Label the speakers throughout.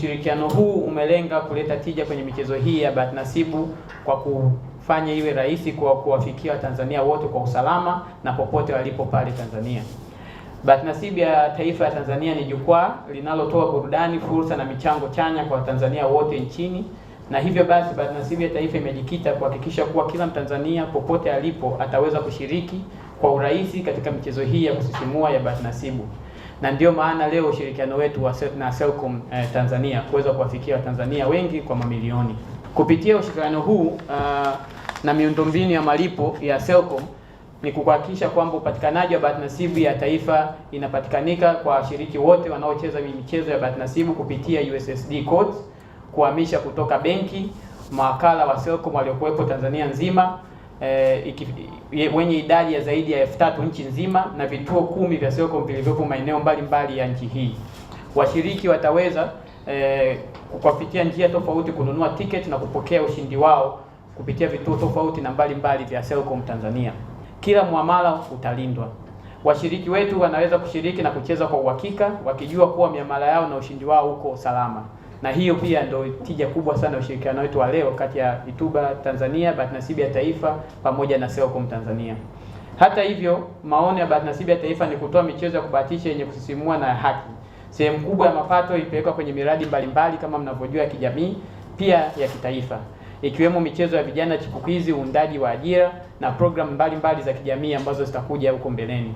Speaker 1: Ushirikiano huu umelenga kuleta tija kwenye michezo hii ya bahati nasibu kwa kufanya iwe rahisi kwa kuwafikia Watanzania wote kwa usalama na popote walipo pale Tanzania. Bahati nasibu ya taifa ya Tanzania ni jukwaa linalotoa burudani, fursa na michango chanya kwa Watanzania wote nchini, na hivyo basi bahati nasibu ya taifa imejikita kuhakikisha kuwa kila Mtanzania popote alipo ataweza kushiriki kwa urahisi katika michezo hii ya kusisimua ya bahati nasibu na ndio maana leo ushirikiano wetu wa na Selcom eh, Tanzania kuweza kuwafikia Watanzania wengi kwa mamilioni kupitia ushirikiano huu uh, na miundombinu ya malipo ya Selcom ni kuhakikisha kwamba upatikanaji wa bahati nasibu ya taifa inapatikanika kwa washiriki wote wanaocheza michezo ya bahati nasibu kupitia USSD codes, kuhamisha kutoka benki mawakala wa Selcom waliokuwepo Tanzania nzima eh, iki, wenye idadi ya zaidi ya elfu tatu nchi nzima na vituo kumi vya Selcom vilivyopo maeneo mbalimbali ya nchi hii. Washiriki wataweza eh, kupitia njia tofauti kununua tiketi na kupokea ushindi wao kupitia vituo tofauti na mbalimbali vya Selcom Tanzania. Kila muamala utalindwa. Washiriki wetu wanaweza kushiriki na kucheza kwa uhakika wakijua kuwa miamala yao na ushindi wao uko salama na hiyo pia ndio tija kubwa sana ushirikiano wetu wa leo kati ya Ituba Tanzania, Bahati Nasibu ya Taifa pamoja na Selcom Tanzania. Hata hivyo, maono ya Bahati Nasibu ya Taifa ni kutoa michezo ya kubahatisha yenye kusisimua na haki. Sehemu kubwa ya mapato ipelekwa kwenye miradi mbalimbali kama mnavyojua ya kijamii, pia ya kitaifa, ikiwemo michezo ya vijana chipukizi, uundaji wa ajira na programu mbalimbali za kijamii ambazo zitakuja huko mbeleni.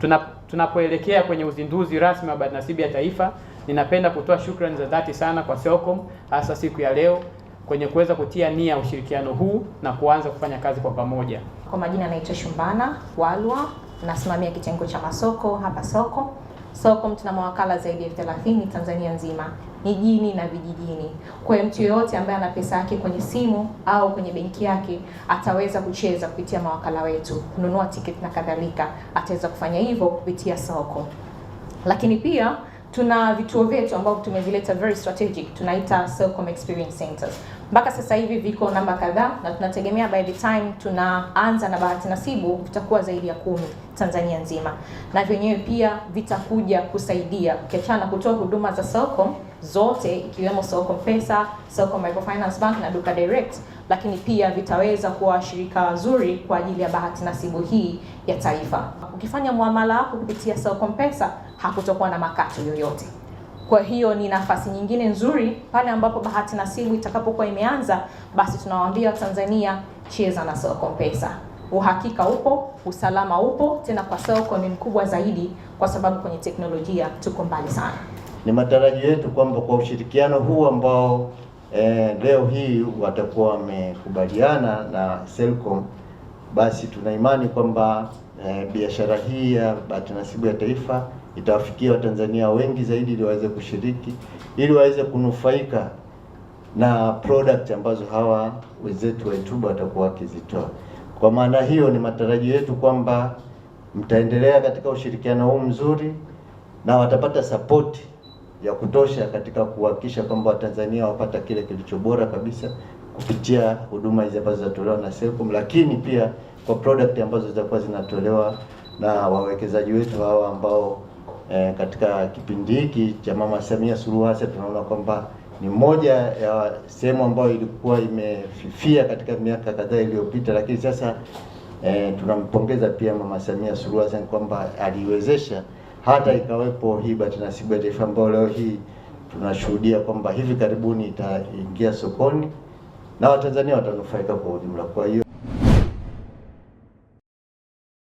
Speaker 1: Tuna tunapoelekea kwenye uzinduzi rasmi wa nasibu ya Taifa, ninapenda kutoa shukrani za dhati sana kwa Selcom hasa siku ya leo kwenye kuweza kutia nia ushirikiano huu na kuanza kufanya kazi kwa pamoja.
Speaker 2: Kwa majina naitwa Shumbana Walwa, nasimamia kitengo cha masoko hapa Soko Selcom. Tuna mawakala zaidi ya 30 Tanzania nzima mijini na vijijini. Kwa hiyo mtu yoyote ambaye ana pesa yake kwenye simu au kwenye benki yake ataweza kucheza kupitia mawakala wetu, kununua tiketi na kadhalika, ataweza kufanya hivyo kupitia soko. Lakini pia tuna vituo vyetu ambavyo tumevileta very strategic, tunaita Selcom Experience Centers. Mpaka sasa hivi viko namba kadhaa na tunategemea by the time tunaanza na bahati nasibu vitakuwa zaidi ya kumi Tanzania nzima, na vyenyewe pia vitakuja kusaidia ukiachana na kutoa huduma za Selcom zote ikiwemo Selcom Pesa, Selcom Microfinance Bank na Duka Direct, lakini pia vitaweza kuwa washirika wazuri kwa ajili ya bahati nasibu hii ya taifa. Ukifanya muamala wako kupitia Selcom Pesa hakutokuwa na makato yoyote. Kwa hiyo ni nafasi nyingine nzuri pale ambapo bahati nasibu itakapokuwa imeanza, basi tunawaambia Watanzania, cheza na Selcom Pesa. Uhakika upo, usalama upo, tena kwa Selcom ni mkubwa zaidi, kwa sababu kwenye teknolojia tuko mbali sana.
Speaker 3: Ni matarajio yetu kwamba kwa ushirikiano huu ambao eh, leo hii watakuwa wamekubaliana na Selcom basi tuna imani kwamba e, biashara hii ya bahati nasibu ya taifa itawafikia Watanzania wengi zaidi ili waweze kushiriki ili waweze kunufaika na product ambazo hawa wenzetu wa YouTube watakuwa wakizitoa. Kwa maana hiyo, ni matarajio yetu kwamba mtaendelea katika ushirikiano huu mzuri na watapata sapoti ya kutosha katika kuhakikisha kwamba Watanzania wapata kile kilicho bora kabisa kupitia huduma hizi ambazo zinatolewa na Selcom, lakini pia kwa product ambazo zitakuwa zinatolewa na wawekezaji wetu hawa ambao eh, katika kipindi hiki cha Mama Samia Suluhu Hassan tunaona kwamba ni moja ya sehemu ambayo ilikuwa imefifia katika miaka kadhaa iliyopita, lakini sasa eh, tunampongeza pia Mama Samia Suluhu Hassan kwamba aliwezesha hata ikawepo hii bahati nasibu ya taifa ambayo leo hii tunashuhudia kwamba hivi karibuni itaingia sokoni na Watanzania watanufaika kwa ujumla. Kwa hiyo